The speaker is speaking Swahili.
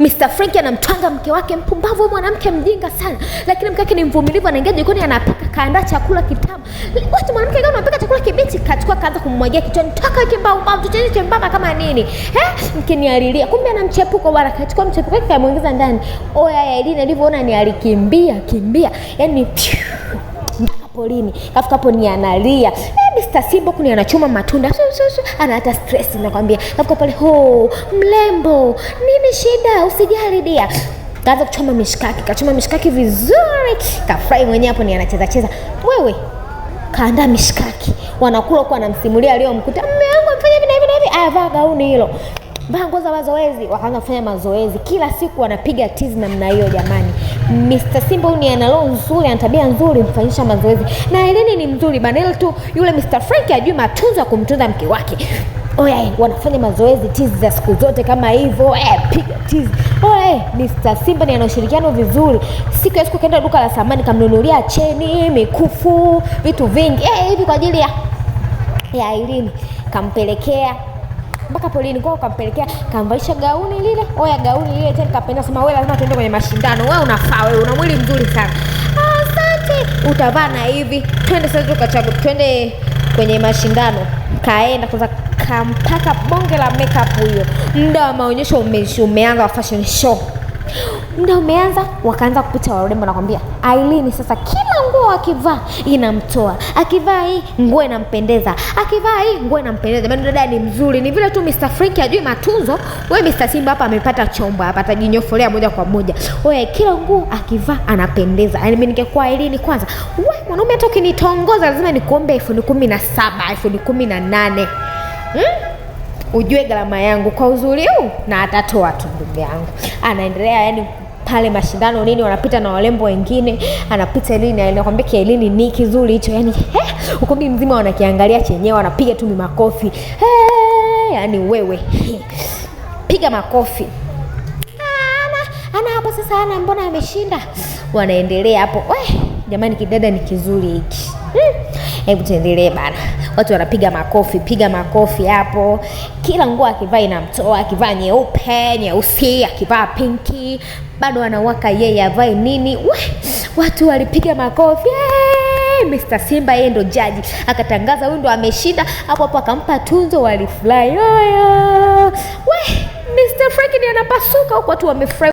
Mr. Frank anamtwanga mke wake, mpumbavu huyo mwanamke mjinga sana, lakini mke wake ni mvumilivu, anaingia jikoni, anapika, kaanda chakula kitamu. Watu mwanamke gani anapika chakula kibichi, kachukua kaanza kummwagia kichwani, toka kimbao mbao, mtoto chembamba kama nini eh, alilia, Kumbe ana mchepuko bwana, kachukua mchepuko wake kamwingiza ndani. Oya ya Elina alivyoona ni alikimbia kimbia, yani piu polini, Kafika hapo ni analia eh, Mr. Simba kuni anachuma matunda su, su, su, ana hata stress nakwambia, Kafika pale ho mlembo, nini shida, usijali dia kaanza kuchoma mishikaki, kachoma mishikaki vizuri, kafurahi mwenyewe hapo, ni anacheza cheza. Wewe kaanda mishikaki, wanakula huko, anamsimulia aliyomkuta mume wangu amfanya hivi na hivi na hivi, Aya, vaa gauni hilo, vaa nguo za mazoezi. Wakaanza kufanya mazoezi, kila siku wanapiga tizi namna hiyo, jamani. Mr. Simba ni ana roho nzuri, ana tabia nzuri, mfanyisha mazoezi. Na Helene ni mzuri banel tu, yule Mr. Frank ajui matunzo ya kumtunza mke wake. Oya, eh, wanafanya mazoezi tizi za siku zote kama hivyo, eh, piga tizi. Oya, eh, Mr. Simba ni ana ushirikiano vizuri. Siku ya siku kaenda duka la samani kamnunulia cheni, mikufu, vitu vingi. Eh, hivi kwa ajili ya ya Helene kampelekea mpaka polini kwao, kampelekea kamvaisha gauni lile, oya gauni lile tena, kapenda sema wewe lazima tuende kwenye mashindano, wewe unafaa, wewe una mwili mzuri sana, asante, utavaa na hivi, twende sasa, tukachagua twende kwenye mashindano. Kaenda kwanza kampaka bonge la makeup hiyo. Muda wa maonyesho umeanza wa fashion show, muda umeanza, wakaanza kupita warembo, nakwambia Aileen sasa kila nguo akivaa inamtoa, akivaa hii nguo inampendeza, akivaa hii nguo inampendeza. Maana dada ni mzuri, ni vile tu Mr. Frank ajui matunzo. Wewe Mr. Simba hapa amepata chombo hapa, atajinyofolea moja kwa moja. Wewe kila nguo akivaa anapendeza. Yaani mimi ningekuwa elini kwanza, wewe mwanaume, hata ukinitongoza lazima nikuombe elfu kumi na saba elfu kumi na nane hmm? Ujue gharama yangu kwa uzuri huu, na atatoa tu ndugu yangu, anaendelea yani pale mashindano nini, wanapita na walembo wengine, anapita Elini, anakwambia kielini ni kizuri hicho, yani ukumbi mzima wanakiangalia chenyewe, wanapiga tu makofi yani wewe piga makofi ana hapo sasa, ana mbona ameshinda, wanaendelea hapo. We jamani, kidada ni kizuri hiki hebu tuendelee bana. Watu wanapiga makofi, piga makofi hapo. Kila nguo akivaa inamtoa, akivaa nyeupe, nyeusi, akivaa pinki, bado anawaka yeye, avae nini? We, watu walipiga makofi Mr. Simba yeye ndo jaji akatangaza, huyu ndo ameshinda. Hapo hapo akampa tunzo, walifurahi. Oyo we, Mr. Franklin anapasuka huko, watu wamefurahi.